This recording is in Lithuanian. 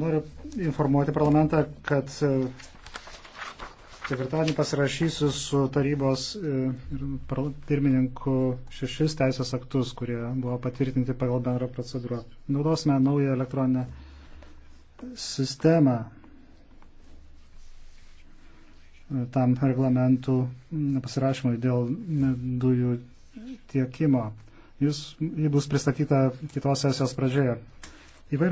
Noriu informuoti parlamentą, kad e, ketvirtadienį pasirašysiu su tarybos e, pirmininku šešis teisės aktus, kurie buvo patvirtinti pagal bendrą procedūrą. Naudosime naują elektroninę sistemą e, tam reglamentų pasirašymui dėl dujų tiekimo. Jis, jį bus pristatyta kitos sesijos pradžioje.